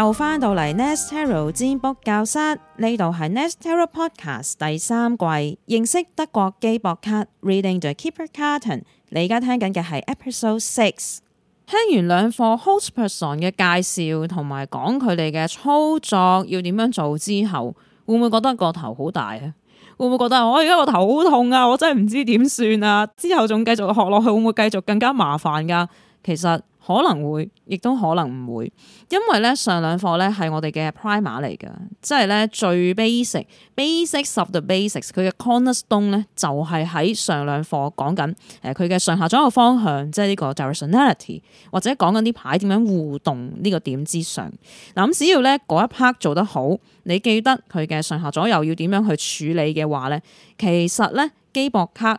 又翻到嚟 Nestero 占卜教室，呢度係 Nestero Podcast 第三季，認識德國機博卡 Reading the Keeper Carton。你而家聽緊嘅係 Episode Six。聽完兩課 Host Person 嘅介紹同埋講佢哋嘅操作要點樣做之後，會唔會覺得個頭好大啊？會唔會覺得、哦、我而家個頭好痛啊？我真係唔知點算啊！之後仲繼續學落去，會唔會繼續更加麻煩噶？其實可能會，亦都可能唔會，因為咧上兩課咧係我哋嘅 primer 嚟嘅，即係咧最 basic，basics of the basics。佢嘅 cornerstone 咧就係喺上兩課講緊誒佢嘅上下左右方向，即係呢個 directionality，或者講緊啲牌點樣互動呢個點之上。嗱，咁只要咧嗰一 part 做得好，你記得佢嘅上下左右要點樣去處理嘅話咧，其實咧基博卡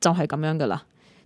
就係咁樣噶啦。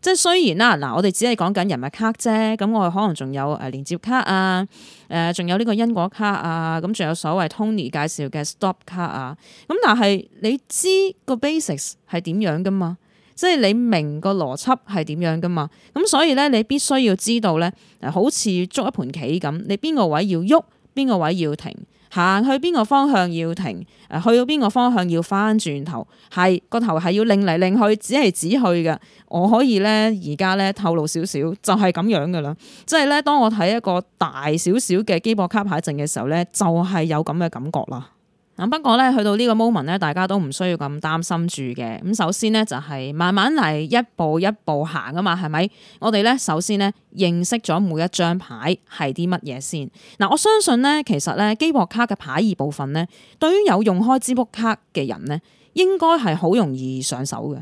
即係雖然啦，嗱，我哋只係講緊人物卡啫，咁我哋可能仲有誒連接卡啊，誒、呃，仲有呢個因果卡啊，咁仲有所謂 Tony 介紹嘅 Stop 卡啊，咁但係你知個 basics 係點樣噶嘛？即係你明個邏輯係點樣噶嘛？咁所以咧，你必須要知道咧，誒，好似捉一盤棋咁，你邊個位要喐，邊個位要停。行去邊個方向要停，誒去到邊個方向要翻轉頭，係個頭係要擰嚟擰去，只係指去嘅。我可以咧而家咧透露少少，就係、是、咁樣噶啦。即係咧，當我睇一個大少少嘅機博卡牌陣嘅時候咧，就係、是、有咁嘅感覺啦。嗱，不過咧，去到呢個 moment 咧，大家都唔需要咁擔心住嘅。咁首先咧，就係、是、慢慢嚟，一步一步行啊嘛，係咪？我哋咧首先咧認識咗每一張牌係啲乜嘢先嗱、啊。我相信咧，其實咧基博卡嘅牌意部分咧，對於有用開支卜卡嘅人咧，應該係好容易上手嘅。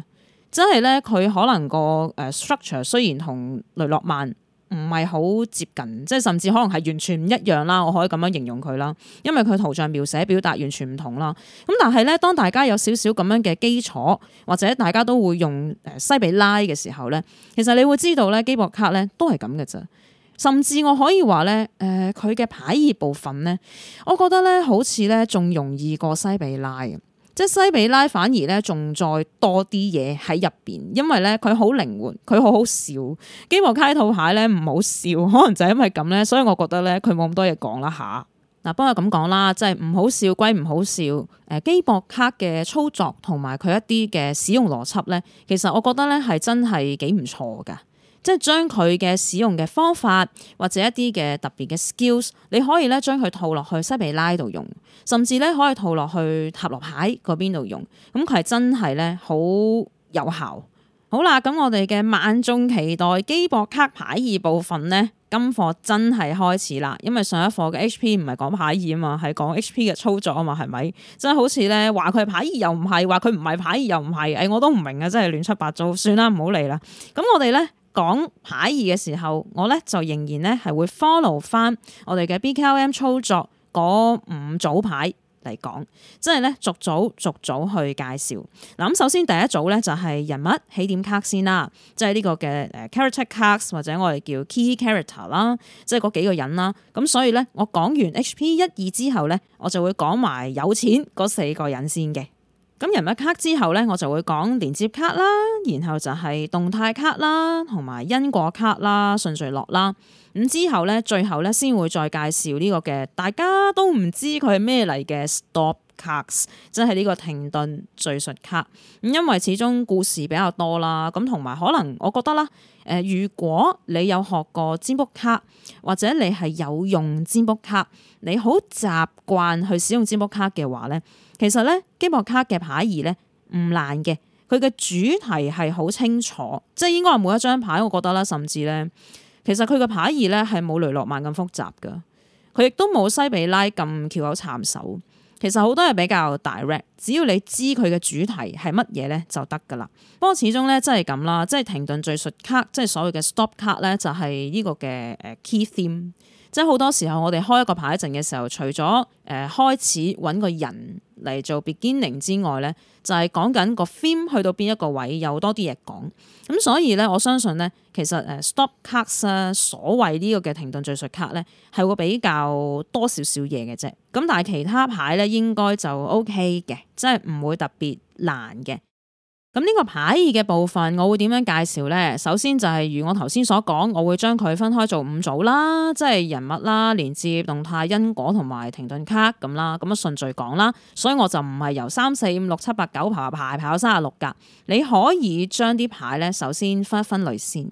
即係咧，佢可能個誒 structure 雖然同雷諾曼。唔係好接近，即係甚至可能係完全唔一樣啦。我可以咁樣形容佢啦，因為佢圖像描寫表達完全唔同啦。咁但係咧，當大家有少少咁樣嘅基礎，或者大家都會用誒西比拉嘅時候咧，其實你會知道咧，基博卡咧都係咁嘅啫。甚至我可以話咧，誒佢嘅排二部分咧，我覺得咧好似咧仲容易過西比拉。即係西比拉反而咧仲再多啲嘢喺入邊，因為咧佢好靈活，佢好好笑。機博卡套牌咧唔好笑，可能就係因為咁咧，所以我覺得咧佢冇咁多嘢講啦嚇。嗱、啊，不過咁講啦，即係唔好笑，歸唔好笑。誒，機博卡嘅操作同埋佢一啲嘅使用邏輯咧，其實我覺得咧係真係幾唔錯噶。即係將佢嘅使用嘅方法或者一啲嘅特別嘅 skills，你可以咧將佢套落去西比拉度用，甚至咧可以套落去塔羅牌嗰邊度用。咁佢係真係咧好有效。好啦，咁我哋嘅萬眾期待基博卡牌二部分咧，今課真係開始啦。因為上一課嘅 HP 唔係講牌二啊嘛，係講 HP 嘅操作啊嘛，係咪？真係好似咧話佢係牌二又唔係，話佢唔係牌二又唔係。誒、欸，我都唔明啊，真係亂七八糟，算啦，唔好理啦。咁我哋咧。講牌二嘅時候，我咧就仍然咧係會 follow 翻我哋嘅 BKM 操作嗰五組牌嚟講，即係咧逐組逐組去介紹。嗱咁，首先第一組咧就係人物起點卡先啦，即係呢個嘅誒 character cards，或者我哋叫 key character 啦，即係嗰幾個人啦。咁所以咧，我講完 HP 一二之後咧，我就會講埋有錢嗰四個人先嘅。咁人物卡之後咧，我就會講連接卡啦，然後就係動態卡啦，同埋因果卡啦、順序落啦。咁之後咧，最後咧先會再介紹呢、這個嘅大家都唔知佢係咩嚟嘅 stop 卡，即係呢個停頓敘述卡。咁因為始終故事比較多啦，咁同埋可能我覺得啦，誒、呃、如果你有學過占卜卡，或者你係有用占卜卡，你好習慣去使用占卜卡嘅話咧。其實咧，基博卡嘅牌義咧唔難嘅，佢嘅主題係好清楚，即係應該話每一張牌，我覺得啦，甚至咧，其實佢嘅牌義咧係冇雷諾曼咁複雜嘅，佢亦都冇西比拉咁巧口插手。其實好多係比較 direct，只要你知佢嘅主題係乜嘢咧就得噶啦。不過始終咧真係咁啦，即係停頓敘述卡，即係所謂嘅 stop 卡 a 咧，就係、是、呢個嘅誒 key theme。即係好多時候我哋開一個牌陣嘅時候，除咗誒、呃、開始揾個人，嚟做 beginning 之外咧，就係講緊個 theme 去到邊一個位有多啲嘢講。咁所以咧，我相信咧，其實誒 stop cards 嘅、啊、所謂呢個嘅停頓敘述卡咧，係會比較多少少嘢嘅啫。咁但係其他牌咧，應該就 OK 嘅，即係唔會特別難嘅。咁呢個牌意嘅部分我會點樣介紹呢？首先就係如我頭先所講，我會將佢分開做五組啦，即係人物啦、連接動態、因果同埋停頓卡咁啦，咁啊順序講啦。所以我就唔係由三四五六七八九排排排到三十六㗎。你可以將啲牌呢，首先分一分類先，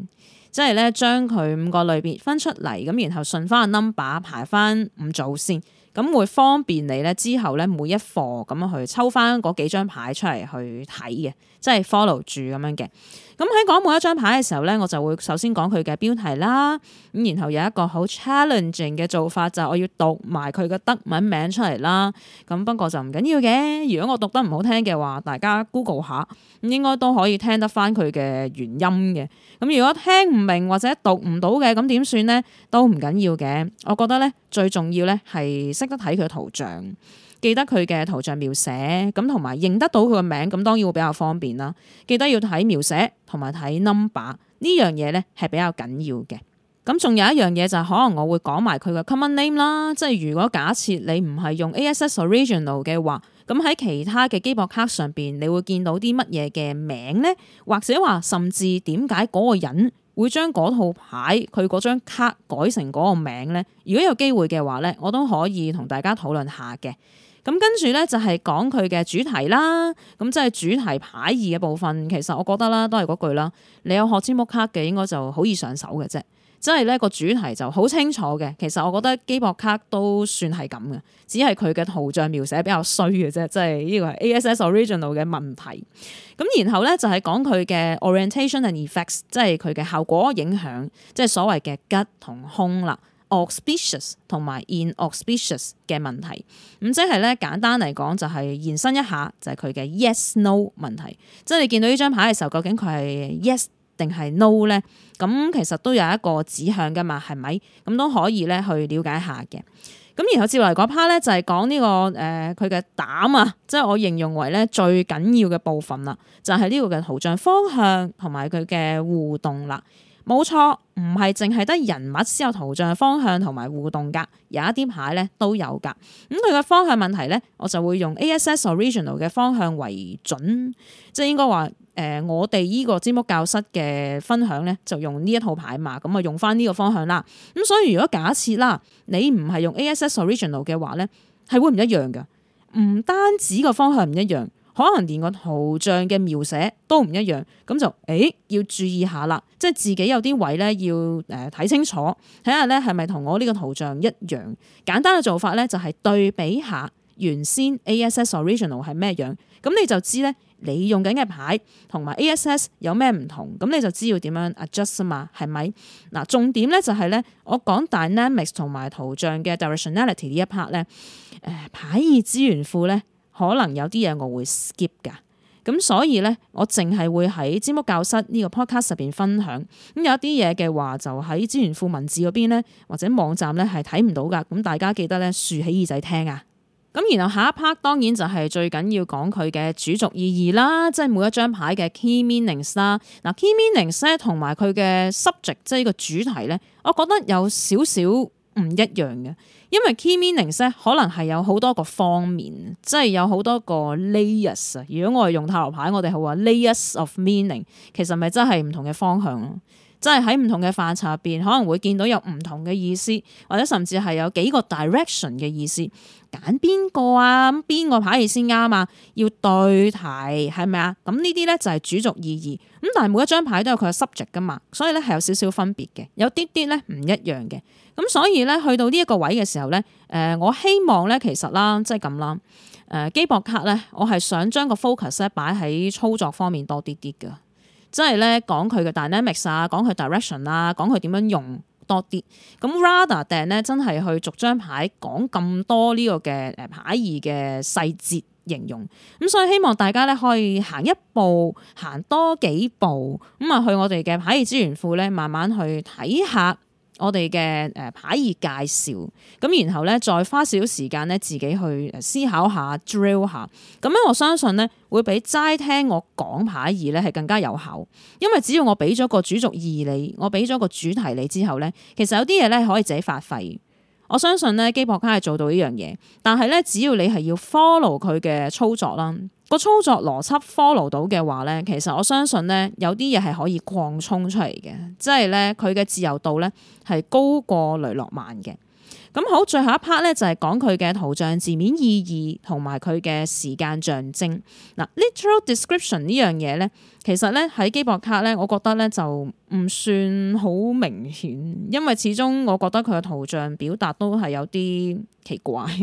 即係呢，將佢五個類別分出嚟，咁然後順翻個 number 排翻五組先，咁會方便你呢，之後呢，每一課咁樣去抽翻嗰幾張牌出嚟去睇嘅。即係 follow 住咁樣嘅，咁喺講每一張牌嘅時候呢，我就會首先講佢嘅標題啦，咁然後有一個好 challenging 嘅做法就係我要讀埋佢嘅德文名出嚟啦，咁不過就唔緊要嘅，如果我讀得唔好聽嘅話，大家 Google 下，咁應該都可以聽得翻佢嘅原音嘅。咁如果聽唔明或者讀唔到嘅，咁點算呢？都唔緊要嘅。我覺得呢，最重要呢係識得睇佢嘅圖像。記得佢嘅圖像描寫，咁同埋認得到佢個名，咁當然會比較方便啦。記得要睇描寫同埋睇 number 呢樣嘢咧，係比較緊要嘅。咁仲有一樣嘢就係可能我會講埋佢嘅 common name 啦，即係如果假設你唔係用 A.S.S original 嘅話，咁喺其他嘅機博卡上邊，你會見到啲乜嘢嘅名呢？或者話甚至點解嗰個人會將嗰套牌佢嗰張卡改成嗰個名呢？如果有機會嘅話咧，我都可以同大家討論下嘅。咁跟住咧就係講佢嘅主題啦，咁即係主題牌義嘅部分，其實我覺得啦都係嗰句啦，你有學尖木卡嘅應該就好易上手嘅啫，即係咧個主題就好清楚嘅。其實我覺得基博卡都算係咁嘅，只係佢嘅圖像描寫比較衰嘅啫，即係呢、這個係 A S S original 嘅問題。咁然後咧就係、是、講佢嘅 orientation and effects，即係佢嘅效果影響，即係所謂嘅吉同凶啦。auspicious 同埋 inauspicious 嘅問題，咁即係咧簡單嚟講就係延伸一下，就係佢嘅 yes no 問題，即係你見到呢張牌嘅時候，究竟佢係 yes 定係 no 咧？咁其實都有一個指向㗎嘛，係咪？咁都可以咧去了解下嘅。咁然後接落嚟嗰 part 咧就係講呢個誒佢嘅膽啊，即係我形容為咧最緊要嘅部分啦，就係、是、呢個嘅圖像方向同埋佢嘅互動啦。冇錯，唔係淨係得人物先有圖像嘅方向同埋互動噶，有一啲牌咧都有噶。咁佢嘅方向問題咧，我就會用 A S S Original 嘅方向為準，即係應該話誒，我哋依個占卜教室嘅分享咧，就用呢一套牌嘛，咁啊用翻呢個方向啦。咁、嗯、所以如果假設啦，你唔係用 A S S Original 嘅話咧，係會唔一樣嘅，唔單止個方向唔一樣。可能連個圖像嘅描寫都唔一樣，咁就誒、欸、要注意下啦，即係自己有啲位咧要誒睇、呃、清楚，睇下咧係咪同我呢個圖像一樣。簡單嘅做法咧就係對比下原先 ASS original 係咩樣，咁你就知咧你用緊嘅牌同埋 ASS 有咩唔同，咁你就知要點樣 adjust 啊嘛，係咪？嗱，重點咧就係、是、咧，我講 dynamics 同埋圖像嘅 directionality 呢一 part 咧，誒、呃、牌意資源庫咧。可能有啲嘢我會 skip 㗎，咁所以咧，我淨係會喺占卜教室呢個 podcast 入邊分享。咁有一啲嘢嘅話，就喺資源庫文字嗰邊咧，或者網站咧係睇唔到㗎。咁大家記得咧，豎起耳仔聽啊！咁然後下一 part 當然就係最緊要講佢嘅主軸意義啦，即係每一張牌嘅 key meanings 啦。嗱，key meanings 咧同埋佢嘅 subject，即係呢個主題咧，我覺得有少少。唔一樣嘅，因為 key meanings 咧可能係有好多個方面，即係有好多個 layers 啊。如果我哋用塔羅牌，我哋係話 layers of meaning，其實咪真係唔同嘅方向咯。即係喺唔同嘅範疇入邊，可能會見到有唔同嘅意思，或者甚至係有幾個 direction 嘅意思，揀邊個啊？咁邊個牌先啱啊？要對題係咪啊？咁呢啲咧就係主軸意義。咁但係每一張牌都有佢嘅 subject 噶嘛，所以咧係有少少分別嘅，有啲啲咧唔一樣嘅。咁所以咧去到呢一個位嘅時候咧，誒、呃、我希望咧其實啦，即係咁啦，誒、呃、基博卡咧，我係想將個 focus 擺喺操作方面多啲啲嘅。即係咧講佢嘅 dynamics 啊，講佢 direction 啊，講佢點樣用多啲。咁 rather than 咧真係去逐張牌講咁多呢個嘅誒牌意嘅細節形容。咁所以希望大家咧可以行一步，行多幾步，咁啊去我哋嘅牌意資源庫咧慢慢去睇下。我哋嘅誒牌意介紹，咁然後咧再花少少時間咧自己去思考下 drill 下，咁樣我相信咧會比齋聽我講牌意咧係更加有效，因為只要我俾咗個主軸意你，我俾咗個主題你之後咧，其實有啲嘢咧可以自己發揮。我相信咧基博卡係做到呢樣嘢，但係咧只要你係要 follow 佢嘅操作啦。個操作邏輯 follow 到嘅話咧，其實我相信咧，有啲嘢係可以擴充出嚟嘅，即係咧佢嘅自由度咧係高過雷諾曼嘅。咁好，最後一 part 咧就係講佢嘅圖像字面意義同埋佢嘅時間象徵。嗱，literal description 呢樣嘢咧，其實咧喺基博卡咧，我覺得咧就唔算好明顯，因為始終我覺得佢嘅圖像表達都係有啲奇怪，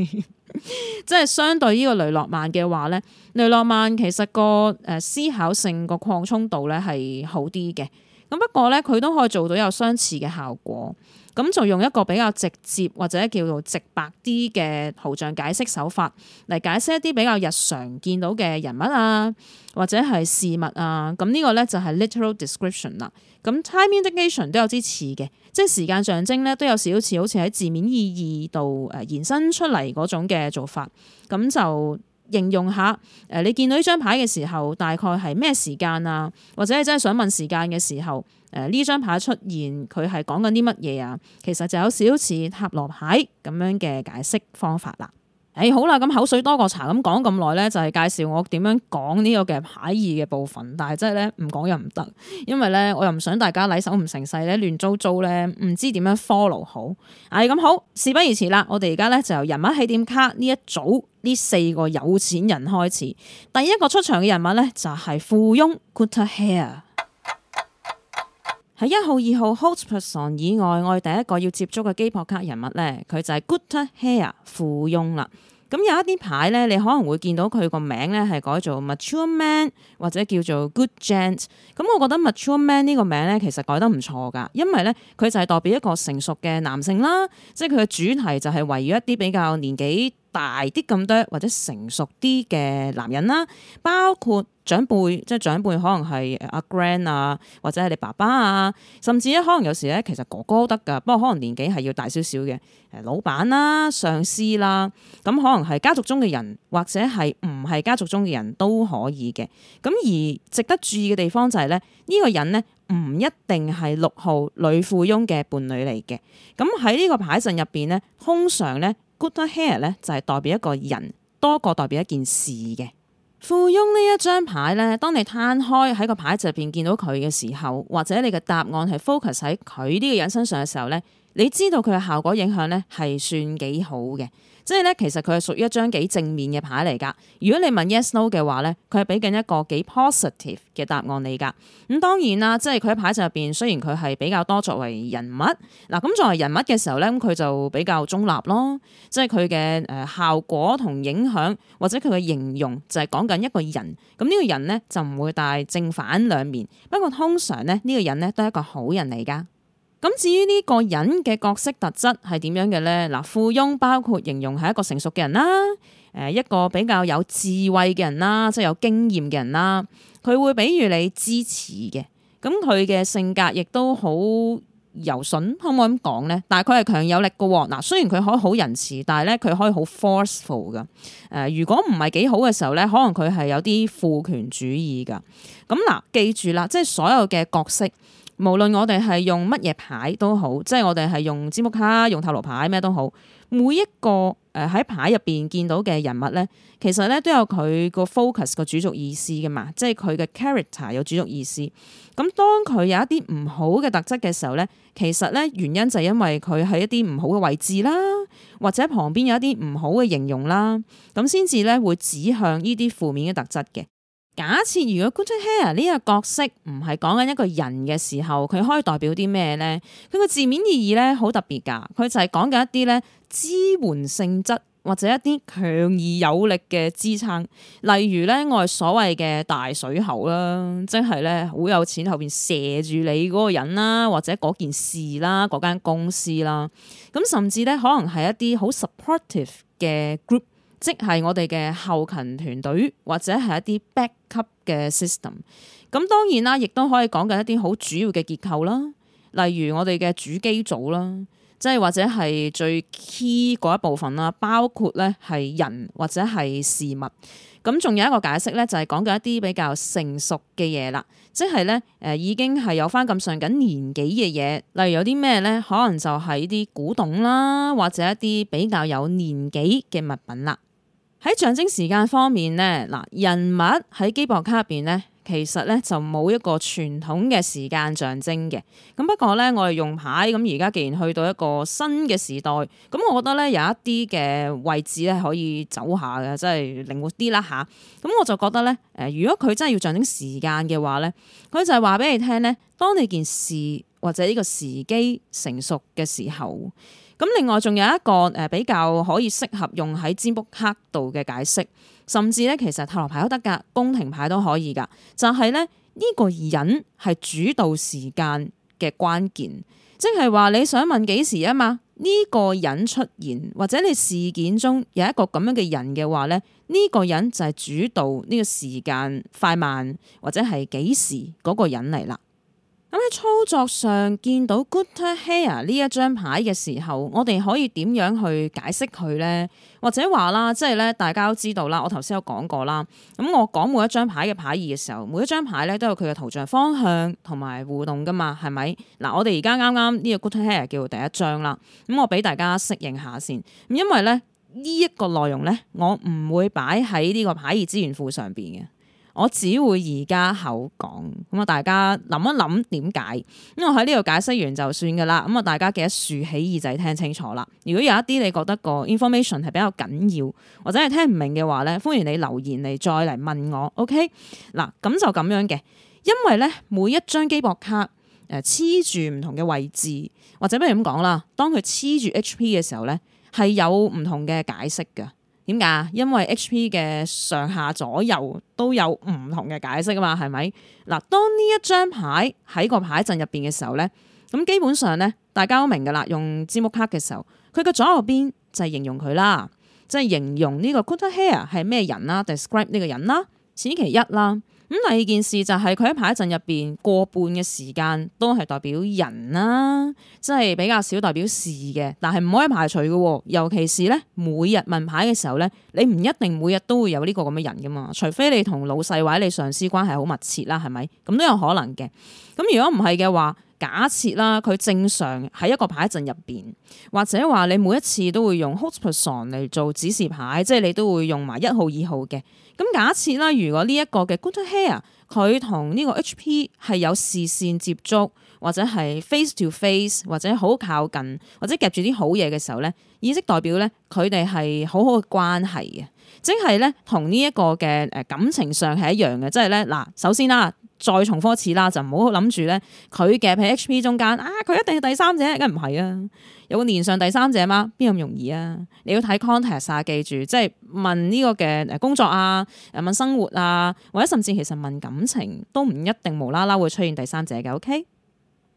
即係相對呢個雷諾曼嘅話咧，雷諾曼其實個誒思考性個擴充度咧係好啲嘅。咁不過咧，佢都可以做到有相似嘅效果。咁就用一個比較直接或者叫做直白啲嘅圖像解釋手法嚟解釋一啲比較日常見到嘅人物啊，或者係事物啊。咁、這、呢個咧就係 literal description 啦。咁 time indication 都有啲似嘅，即係時間象徵咧都有少少似，好似喺字面意義度誒延伸出嚟嗰種嘅做法。咁就。形容下，誒，你見到呢張牌嘅時候，大概係咩時間啊？或者你真係想問時間嘅時候，誒、呃，呢張牌出現，佢係講緊啲乜嘢啊？其實就有少似塔羅牌咁樣嘅解釋方法啦。誒，hey，好啦，咁口水多過茶，咁講咁耐咧，就係、是、介紹我點樣講呢個嘅牌意嘅部分。但係真係咧，唔講又唔得，因為咧，我又唔想大家禮手唔成世咧，亂糟糟咧，唔知點樣 follow 好。誒、嗯，咁好，事不宜遲啦，我哋而家咧就由人物起點卡呢一組呢四個有錢人開始。第一個出場嘅人物咧就係富翁 Gooder Hair。喺一號、二號 host person 以外，我哋第一個要接觸嘅機博卡人物咧，佢就係 Good Hair 富翁啦。咁有一啲牌咧，你可能會見到佢個名咧係改做 Mature Man 或者叫做 Good Gent。咁我覺得 Mature Man 呢個名咧，其實改得唔錯㗎，因為咧佢就係代表一個成熟嘅男性啦，即係佢嘅主題就係圍繞一啲比較年紀大啲咁多或者成熟啲嘅男人啦，包括長輩，即係長輩可能係阿 grand 啊，或者係你爸爸啊，甚至咧可能有時咧，其實哥哥都得噶，不過可能年紀係要大少少嘅，誒，老闆啦、上司啦，咁可能係家族中嘅人，或者係唔係家族中嘅人都可以嘅。咁而值得注意嘅地方就係咧，呢個人咧唔一定係六號女富翁嘅伴侶嚟嘅。咁喺呢個牌陣入邊咧，通常咧。Good hair 咧就係代表一個人多過代表一件事嘅附庸呢一張牌呢，當你攤開喺個牌入邊見到佢嘅時候，或者你嘅答案係 focus 喺佢呢個人身上嘅時候呢，你知道佢嘅效果影響呢係算幾好嘅。即係咧，其實佢係屬於一張幾正面嘅牌嚟噶。如果你問 yes no 嘅話咧，佢係俾緊一個幾 positive 嘅答案你噶。咁、嗯、當然啦，即係佢喺牌陣入邊，雖然佢係比較多作為人物。嗱、啊，咁作為人物嘅時候咧，咁、嗯、佢就比較中立咯。即係佢嘅誒效果同影響，或者佢嘅形容就係講緊一個人。咁、嗯、呢、呢個人咧就唔會帶正反兩面。不過通常咧呢、呢個人咧都係一個好人嚟噶。咁至於呢個人嘅角色特質係點樣嘅咧？嗱，富翁包括形容係一個成熟嘅人啦，誒一個比較有智慧嘅人啦，即係有經驗嘅人啦。佢會俾予你支持嘅，咁佢嘅性格亦都好柔順，可唔可以咁講咧？但係佢係強有力嘅喎。嗱，雖然佢可以好仁慈，但係咧佢可以好 forceful 噶。誒，如果唔係幾好嘅時候咧，可能佢係有啲父權主義噶。咁嗱，記住啦，即係所有嘅角色。無論我哋係用乜嘢牌都好，即係我哋係用詹姆卡、用塔羅牌咩都好，每一個誒喺牌入邊見到嘅人物咧，其實咧都有佢個 focus 個主軸意思㗎嘛，即係佢嘅 character 有主軸意思。咁當佢有一啲唔好嘅特質嘅時候咧，其實咧原因就係因為佢喺一啲唔好嘅位置啦，或者旁邊有一啲唔好嘅形容啦，咁先至咧會指向呢啲負面嘅特質嘅。假設如果 Good Hair 呢個角色唔係講緊一個人嘅時候，佢可以代表啲咩呢？佢個字面意義咧好特別噶，佢就係講緊一啲咧支援性質或者一啲強而有力嘅支撐，例如咧我哋所謂嘅大水喉啦，即係咧好有錢後邊射住你嗰個人啦，或者嗰件事啦，嗰間公司啦，咁甚至咧可能係一啲好 supportive 嘅 group。即係我哋嘅後勤團隊，或者係一啲 backup 嘅 system。咁當然啦，亦都可以講嘅一啲好主要嘅結構啦，例如我哋嘅主機組啦，即係或者係最 key 嗰一部分啦，包括咧係人或者係事物。咁仲有一個解釋咧，就係講嘅一啲比較成熟嘅嘢啦，即係咧誒已經係有翻咁上緊年紀嘅嘢，例如有啲咩咧，可能就係啲古董啦，或者一啲比較有年紀嘅物品啦。喺象徵時間方面咧，嗱，人物喺基博卡入邊咧，其實咧就冇一個傳統嘅時間象徵嘅。咁不過咧，我哋用牌咁，而家既然去到一個新嘅時代，咁我覺得咧有一啲嘅位置咧可以走下嘅，即係靈活啲啦吓。咁我就覺得咧，誒，如果佢真係要象徵時間嘅話咧，佢就係話俾你聽咧，當你件事或者呢個時機成熟嘅時候。咁另外仲有一個誒比較可以適合用喺占卜黑度嘅解釋，甚至咧其實塔羅牌都得㗎，宮廷牌都可以㗎。就係咧呢個人係主導時間嘅關鍵，即係話你想問幾時啊嘛？呢個人出現或者你事件中有一個咁樣嘅人嘅話咧，呢個人就係主導呢個時間快慢或者係幾時嗰個人嚟啦。咁喺操作上見到 Good Hair 呢一張牌嘅時候，我哋可以點樣去解釋佢呢？或者話啦，即係咧，大家都知道啦，我頭先有講過啦。咁我講每一張牌嘅牌意嘅時候，每一張牌咧都有佢嘅圖像方向同埋互動噶嘛，係咪？嗱，我哋而家啱啱呢個 Good Hair 叫做第一張啦。咁我俾大家適應下先，咁因為咧呢一個內容咧，我唔會擺喺呢個牌意資源庫上邊嘅。我只會而家口講，咁啊，大家諗一諗點解？因為我喺呢度解釋完就算噶啦，咁啊，大家記得豎起耳仔聽清楚啦。如果有一啲你覺得個 information 係比較緊要，或者係聽唔明嘅話咧，歡迎你留言嚟，再嚟問我。OK，嗱，咁就咁樣嘅，因為咧每一張機博卡誒黐住唔同嘅位置，或者不如咁講啦，當佢黐住 HP 嘅時候咧，係有唔同嘅解釋噶。點解？因為 H.P. 嘅上下左右都有唔同嘅解釋啊嘛，係咪？嗱，當呢一張牌喺個牌陣入邊嘅時候咧，咁基本上咧，大家都明㗎啦。用字幕卡嘅時候，佢嘅左右邊就係形容佢啦，即係形容呢個 quarter hair 係咩人啦，describe 呢個人啦，此其一啦。咁第二件事就係佢喺牌陣入邊，過半嘅時間都係代表人啦，即係比較少代表事嘅。但係唔可以排除嘅，尤其是咧，每日問牌嘅時候咧，你唔一定每日都會有呢個咁嘅人㗎嘛，除非你同老細或者你上司關係好密切啦，係咪？咁都有可能嘅。咁如果唔係嘅話，假設啦，佢正常喺一個牌陣入邊，或者話你每一次都會用 Hot Person 嚟做指示牌，即係你都會用埋一號、二號嘅。咁假設啦，如果呢一個嘅 Good Hair 佢同呢個 HP 係有視線接觸，或者係 face to face，或者好靠近，或者夾住啲好嘢嘅時候咧，意識代表咧佢哋係好好嘅關係嘅，即係咧同呢一個嘅誒感情上係一樣嘅，即係咧嗱，首先啦、啊。再重複一次啦，就唔好諗住咧，佢夾喺 HP 中間啊！佢一定係第三者，梗唔係啊！有個連上第三者嗎？邊有咁容易啊？你要睇 context 啊，記住，即係問呢個嘅誒工作啊，問生活啊，或者甚至其實問感情都唔一定無啦啦會出現第三者嘅，OK？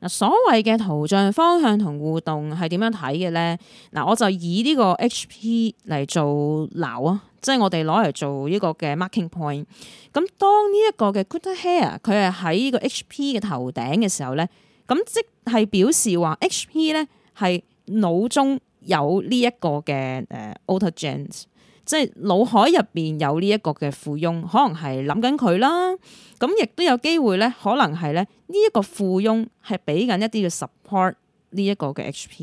嗱，所謂嘅圖像方向同互動係點樣睇嘅咧？嗱，我就以呢個 HP 嚟做鬧啊！即係我哋攞嚟做呢個嘅 marking point。咁當呢一個嘅 good hair，佢係喺個 HP 嘅頭頂嘅時候咧，咁即係表示話 HP 咧係腦中有呢一個嘅誒 autogenes，即係腦海入邊有呢一個嘅附庸。可能係諗緊佢啦。咁亦都有機會咧，可能係咧呢一個附庸係俾緊一啲嘅 support P，呢一個嘅 HP，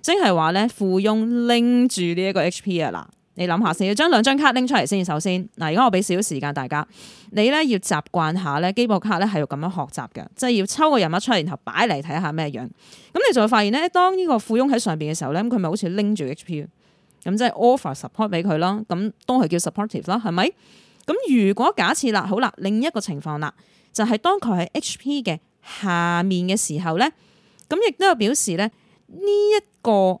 即係話咧附庸拎住呢一個 HP 啊嗱。你諗下先，要將兩張卡拎出嚟先。首先，嗱，而家我俾少少時間大家，你咧要習慣下咧，基本卡咧係要咁樣學習嘅，即係要抽個人物出嚟，然後擺嚟睇下咩樣。咁你就會發現咧，當呢個富翁喺上邊嘅時候咧，佢咪好似拎住 HP 咁，即係 offer support 俾佢咯。咁都係叫 supportive 啦，係咪？咁如果假設啦，好啦，另一個情況啦，就係、是、當佢喺 HP 嘅下面嘅時候咧，咁亦都有表示咧呢一個。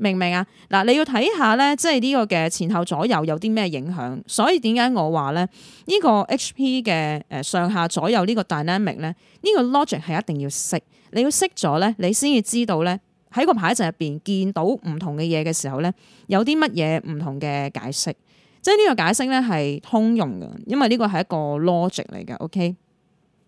明唔明啊？嗱，你要睇下咧，即係呢個嘅前後左右有啲咩影響。所以點解我話咧呢個 H.P. 嘅誒上下左右呢個 dynamic 咧呢個 logic 係一定要識。你要識咗咧，你先至知道咧喺個牌陣入邊見到唔同嘅嘢嘅時候咧，有啲乜嘢唔同嘅解釋。即係呢個解釋咧係通用嘅，因為呢個係一個 logic 嚟噶。OK。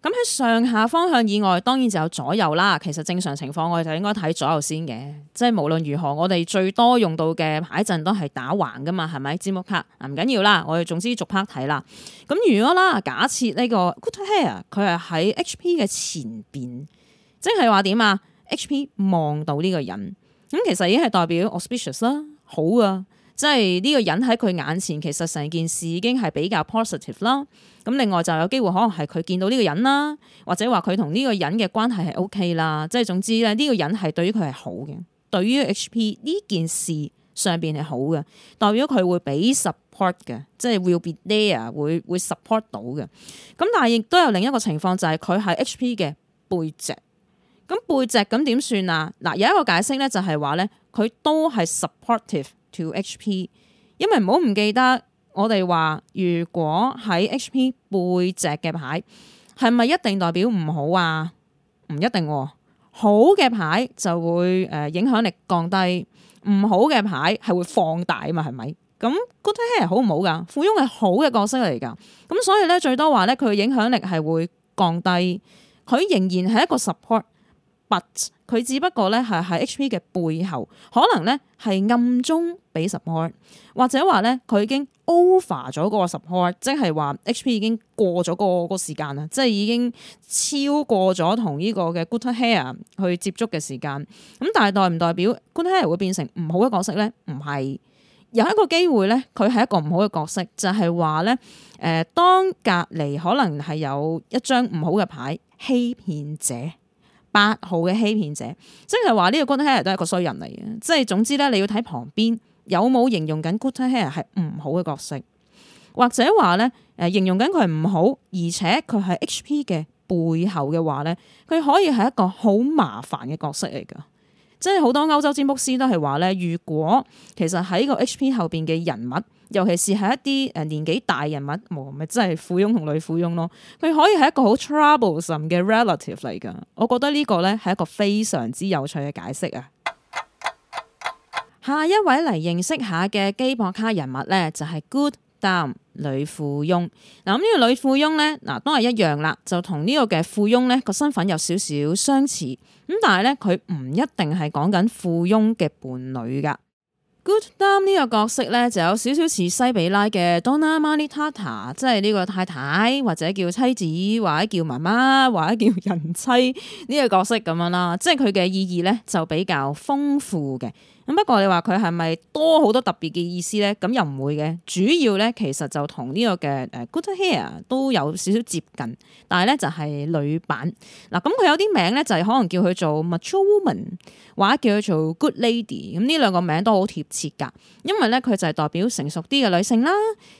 咁喺上下方向以外，當然就有左右啦。其實正常情況，我哋就應該睇左右先嘅。即係無論如何，我哋最多用到嘅，牌陣都係打橫噶嘛，是是目係咪？字幕卡啊，唔緊要啦，我哋總之逐 part 睇啦。咁如果啦，假設呢個 Good Hair，佢係喺 H P 嘅前邊，即係話點啊？H P 望到呢個人，咁其實已經係代表 auspicious 啦，好啊。即係呢個人喺佢眼前，其實成件事已經係比較 positive 啦。咁另外就有機會可能係佢見到呢個人啦，或者話佢同呢個人嘅關係係 OK 啦。即係總之咧，呢個人係對於佢係好嘅，對於 HP 呢件事上邊係好嘅，代表佢會俾 support 嘅，即係 will be there 會會 support 到嘅。咁但係亦都有另一個情況就係佢係 HP 嘅背脊，咁背脊咁點算啊？嗱，有一個解釋咧就係話咧，佢都係 supportive。to HP，因為唔好唔記得我哋話，如果喺 HP 背脊嘅牌係咪一定代表唔好啊？唔一定，好嘅牌就會誒影響力降低，唔好嘅牌係會放大啊嘛，係咪？咁 Good Hair 好唔好㗎？富翁係好嘅角色嚟㗎，咁所以呢最多話呢佢嘅影響力係會降低，佢仍然係一個 support。但佢只不過咧係喺 HP 嘅背後，可能咧係暗中俾 support，或者話咧佢已經 over 咗個 support，即係話 HP 已經過咗個個時間啊，即係已經超過咗同呢個嘅 Good Hair 去接觸嘅時間。咁但係代唔代表 Good Hair 會變成唔好嘅角色咧？唔係，有一個機會咧，佢係一個唔好嘅角色，就係話咧誒，當隔籬可能係有一張唔好嘅牌，欺騙者。八號嘅欺騙者，即係話呢個 Gooden Hair 都係一個衰人嚟嘅，即係總之咧，你要睇旁邊有冇形容緊 Gooden Hair 係唔好嘅角色，或者話咧誒形容緊佢唔好，而且佢係 HP 嘅背後嘅話咧，佢可以係一個好麻煩嘅角色嚟㗎。即係好多歐洲占卜師都係話咧，如果其實喺個 H. P. 後邊嘅人物，尤其是係一啲誒年紀大人物，冇咪真係富翁同女富翁咯，佢可以係一個好 troublesome 嘅 relative 嚟㗎。我覺得呢個咧係一個非常之有趣嘅解釋啊！下一位嚟認識下嘅基博卡人物咧，就係、是、Good Dam。女富翁嗱咁呢個女富翁咧嗱都係一樣啦，就同呢個嘅富翁咧個身份有少少相似，咁但係咧佢唔一定係講緊富翁嘅伴侶噶。Good Dame 呢個角色咧就有少少似西比拉嘅 Donna Maritata，即係呢個太太或者叫妻子或者叫媽媽或者叫人妻呢、這個角色咁樣啦，即係佢嘅意義咧就比較豐富嘅。咁不過你話佢係咪多好多特別嘅意思咧？咁又唔會嘅，主要咧其實就同呢個嘅誒 Good Hair 都有少少接近，但係咧就係、是、女版嗱。咁、啊、佢、嗯、有啲名咧就係可能叫佢做 Mature Woman，或者叫佢做 Good Lady、嗯。咁呢兩個名都好貼切㗎，因為咧佢就係代表成熟啲嘅女性啦。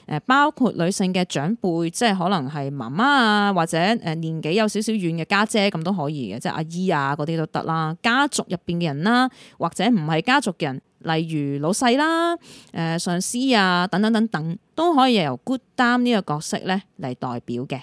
誒包括女性嘅長輩即係可能係媽媽啊，或者誒年紀有少少遠嘅家姐咁、啊、都可以嘅，即係阿姨啊嗰啲都得啦。家族入邊嘅人啦，或者唔係家族。人，例如老細啦、誒、呃、上司啊等等等等，都可以由 Good Dame 呢個角色咧嚟代表嘅。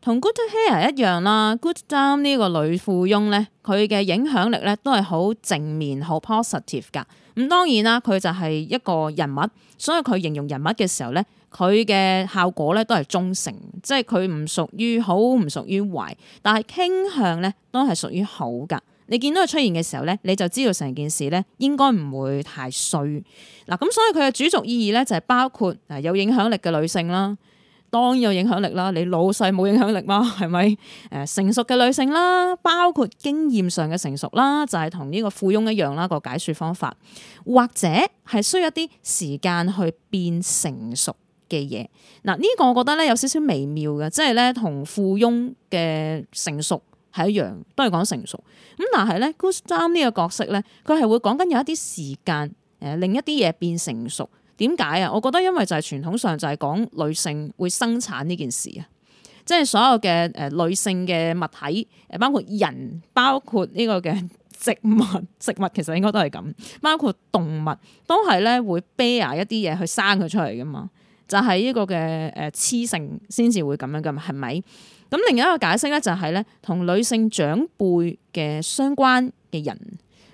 同 Good Hair 一樣啦，Good Dame 呢個女富翁咧，佢嘅影響力咧都係好正面、好 positive 噶。咁、嗯、當然啦，佢就係一個人物，所以佢形容人物嘅時候咧，佢嘅效果咧都係忠誠，即係佢唔屬於好，唔屬於壞，但係傾向咧都係屬於好噶。你見到佢出現嘅時候咧，你就知道成件事咧應該唔會太衰。嗱，咁所以佢嘅主軸意義咧就係包括誒有影響力嘅女性啦，當然有影響力啦。你老細冇影響力嘛？係咪誒成熟嘅女性啦，包括經驗上嘅成熟啦，就係同呢個富翁一樣啦。個解説方法或者係需要一啲時間去變成熟嘅嘢。嗱，呢個我覺得咧有少少微妙嘅，即係咧同富翁嘅成熟。係一樣，都係講成熟。咁但係咧，Gustav 呢個角色咧，佢係會講緊有一啲時間，誒令一啲嘢變成熟。點解啊？我覺得因為就係傳統上就係講女性會生產呢件事啊，即係所有嘅誒女性嘅物體，誒包括人，包括呢個嘅植物，植物其實應該都係咁，包括動物都係咧會 bear 一啲嘢去生佢出嚟噶嘛。就係呢個嘅誒痴性先至會咁樣噶，係咪？咁另一個解釋咧、就係，就係咧同女性長輩嘅相關嘅人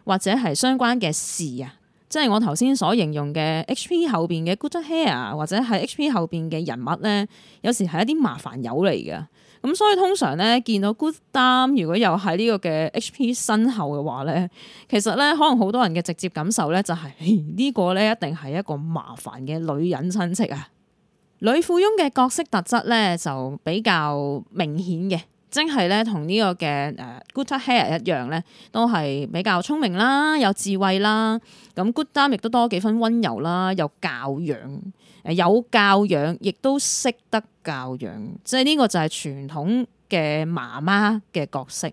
或者係相關嘅事啊，即係我頭先所形容嘅 H.P 後邊嘅 Good Hair 或者係 H.P 後邊嘅人物咧，有時係一啲麻煩友嚟嘅。咁所以通常咧，見到 Good Dam 如果又喺呢個嘅 H.P 身後嘅話咧，其實咧可能好多人嘅直接感受咧就係、係、呢、呢個咧一定係一個麻煩嘅女人親戚啊！女富翁嘅角色特質咧，就比較明顯嘅，即係咧同呢個嘅誒 Good Hair 一樣咧，都係比較聰明啦，有智慧啦，咁 Good Dame 亦都多幾分溫柔啦，有教養，誒有教養，亦都識得教養，即係呢個就係傳統嘅媽媽嘅角色。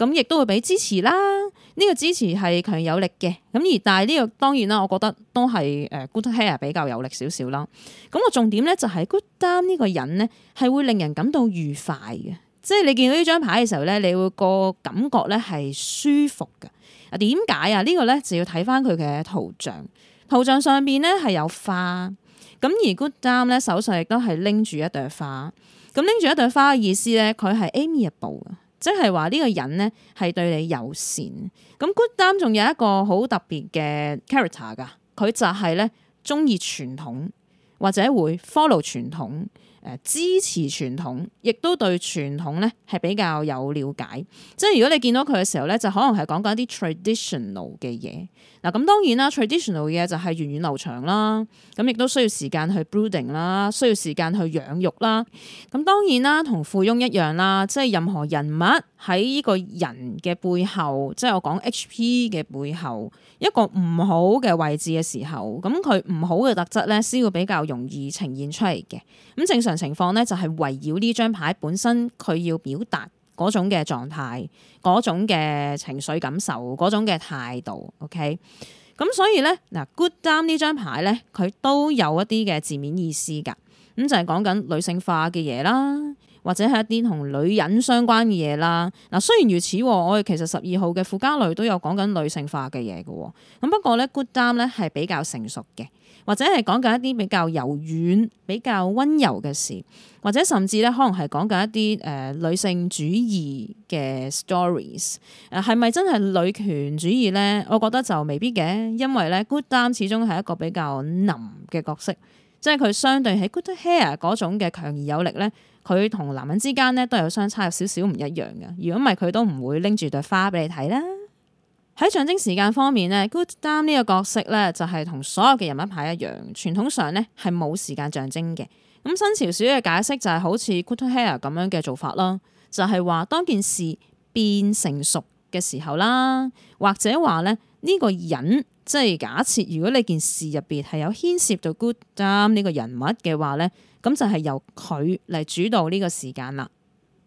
咁亦都會俾支持啦，呢個支持係強有力嘅。咁而但係呢個當然啦，我覺得都係誒 Good Hair 比較有力少少啦。咁個重點咧就係 Good Dam 呢個人咧係會令人感到愉快嘅，即係你見到呢張牌嘅時候咧，你會個感覺咧係舒服嘅。啊，點解啊？呢個咧就要睇翻佢嘅圖像。圖像上邊咧係有花，咁而 Good Dam 咧手上亦都係拎住一朵花。咁拎住一朵花嘅意思咧，佢係 amiable 嘅。即係話呢個人呢係對你友善，咁 Goodman 仲有一個好特別嘅 character 㗎，佢就係呢中意傳統或者會 follow 傳統。支持傳統，亦都對傳統咧係比較有了解。即係如果你見到佢嘅時候咧，就可能係講緊一啲 traditional 嘅嘢。嗱咁當然啦，traditional 嘅嘢就係源遠流長啦。咁亦都需要時間去 brooding 啦，需要時間去養育啦。咁當然啦，同富翁一樣啦，即係任何人物。喺呢個人嘅背後，即係我講 H.P. 嘅背後，一個唔好嘅位置嘅時候，咁佢唔好嘅特質咧，先會比較容易呈現出嚟嘅。咁正常情況咧，就係圍繞呢張牌本身，佢要表達嗰種嘅狀態、嗰種嘅情緒感受、嗰種嘅態度。OK，咁所以咧，嗱 Good Damn 呢張牌咧，佢都有一啲嘅字面意思噶，咁就係講緊女性化嘅嘢啦。或者係一啲同女人相關嘅嘢啦。嗱，雖然如此，我哋其實十二號嘅富家女都有講緊女性化嘅嘢嘅。咁不過呢 Goodam 咧係比較成熟嘅，或者係講緊一啲比較柔軟、比較溫柔嘅事，或者甚至呢，可能係講緊一啲誒、呃、女性主義嘅 stories。誒係咪真係女權主義呢？我覺得就未必嘅，因為呢 Goodam 始終係一個比較男嘅角色。即係佢相對喺 Good Hair 嗰種嘅強而有力咧，佢同男人之間咧都有相差有少少唔一樣嘅。如果唔係，佢都唔會拎住朵花俾你睇啦。喺象徵時間方面咧，Good Dame 呢個角色咧就係同所有嘅人物牌一樣，傳統上咧係冇時間象徵嘅。咁新潮少嘅解釋就係好似 Good Hair 咁樣嘅做法啦，就係話當件事變成熟嘅時候啦，或者話咧。呢個人即係假設，如果你件事入邊係有牽涉到 Good job 呢個人物嘅話咧，咁就係由佢嚟主導呢個時間啦。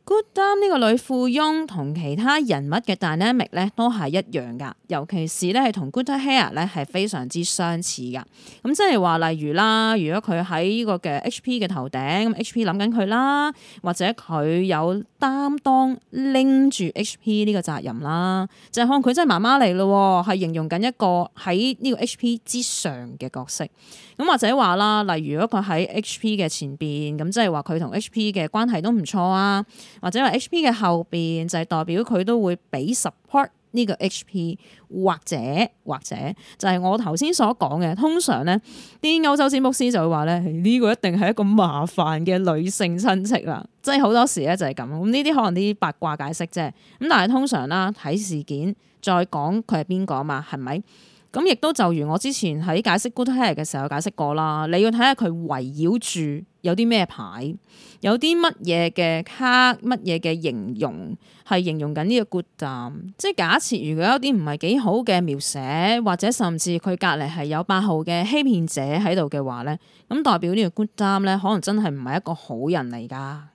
Goodam 呢個女富翁同其他人物嘅 dynamic 咧都係一樣噶尤其是咧係同 Gooder Hair 咧係非常之相似噶咁即係話，例如啦，如果佢喺呢個嘅 HP 嘅頭頂，咁 HP 諗緊佢啦，或者佢有擔當拎住 HP 呢個責任啦，就係可能佢真係媽媽嚟咯，係形容緊一個喺呢個 HP 之上嘅角色。咁或者話啦，例如如果佢喺 HP 嘅前邊，咁即係話佢同 HP 嘅關係都唔錯啊。或者話 HP 嘅後邊就係代表佢都會俾 support 呢個 HP，或者或者就係、是、我頭先所講嘅，通常咧啲歐洲占卜師就會話咧呢個一定係一個麻煩嘅女性親戚啦，即係好多時咧就係咁。咁呢啲可能啲八卦解釋啫，咁但係通常啦睇事件再講佢係邊個啊嘛，係咪？咁亦都就如我之前喺解釋 good hair 嘅時候解釋過啦，你要睇下佢圍繞住有啲咩牌，有啲乜嘢嘅卡，乜嘢嘅形容，係形容緊呢個 good damn。即係假設如果有啲唔係幾好嘅描寫，或者甚至佢隔離係有八號嘅欺騙者喺度嘅話咧，咁代表呢個 good damn 咧，可能真係唔係一個好人嚟噶。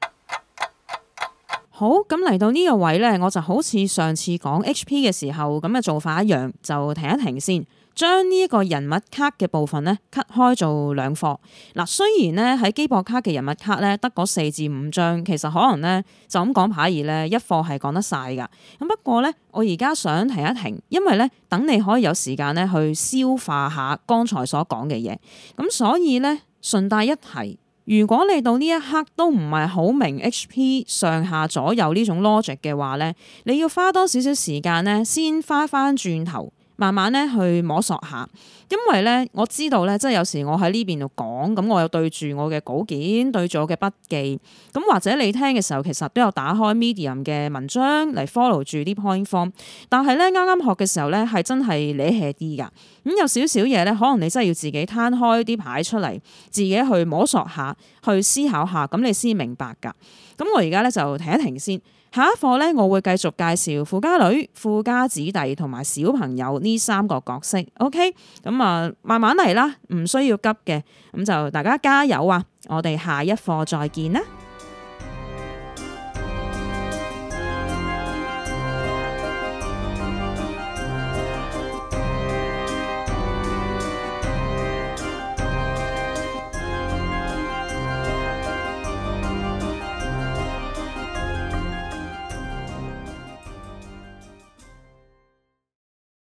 好，咁嚟到呢個位呢，我就好似上次講 HP 嘅時候咁嘅做法一樣，就停一停先，將呢一個人物卡嘅部分呢 cut 開做兩課。嗱，雖然呢，喺基博卡嘅人物卡呢，得嗰四至五張，其實可能呢，就咁講牌而呢，一課係講得晒㗎。咁不過呢，我而家想停一停，因為呢，等你可以有時間呢，去消化下剛才所講嘅嘢。咁所以呢，順帶一提。如果你到呢一刻都唔係好明 HP 上下左右呢種 logic 嘅話咧，你要花多少少時間咧，先花返轉頭。慢慢咧去摸索下，因為咧我知道咧，即係有時我喺呢邊度講，咁我有對住我嘅稿件，對住我嘅筆記，咁或者你聽嘅時候，其實都有打開 Medium 嘅文章嚟 follow 住啲 point form。但係咧，啱啱學嘅時候咧，係真係你 hea 啲噶。咁有少少嘢咧，可能你真係要自己攤開啲牌出嚟，自己去摸索下，去思考下，咁你先明白噶。咁我而家咧就停一停先。下一課咧，我會繼續介紹富家女、富家子弟同埋小朋友呢三個角色。OK，咁啊，慢慢嚟啦，唔需要急嘅。咁就大家加油啊！我哋下一課再見啦。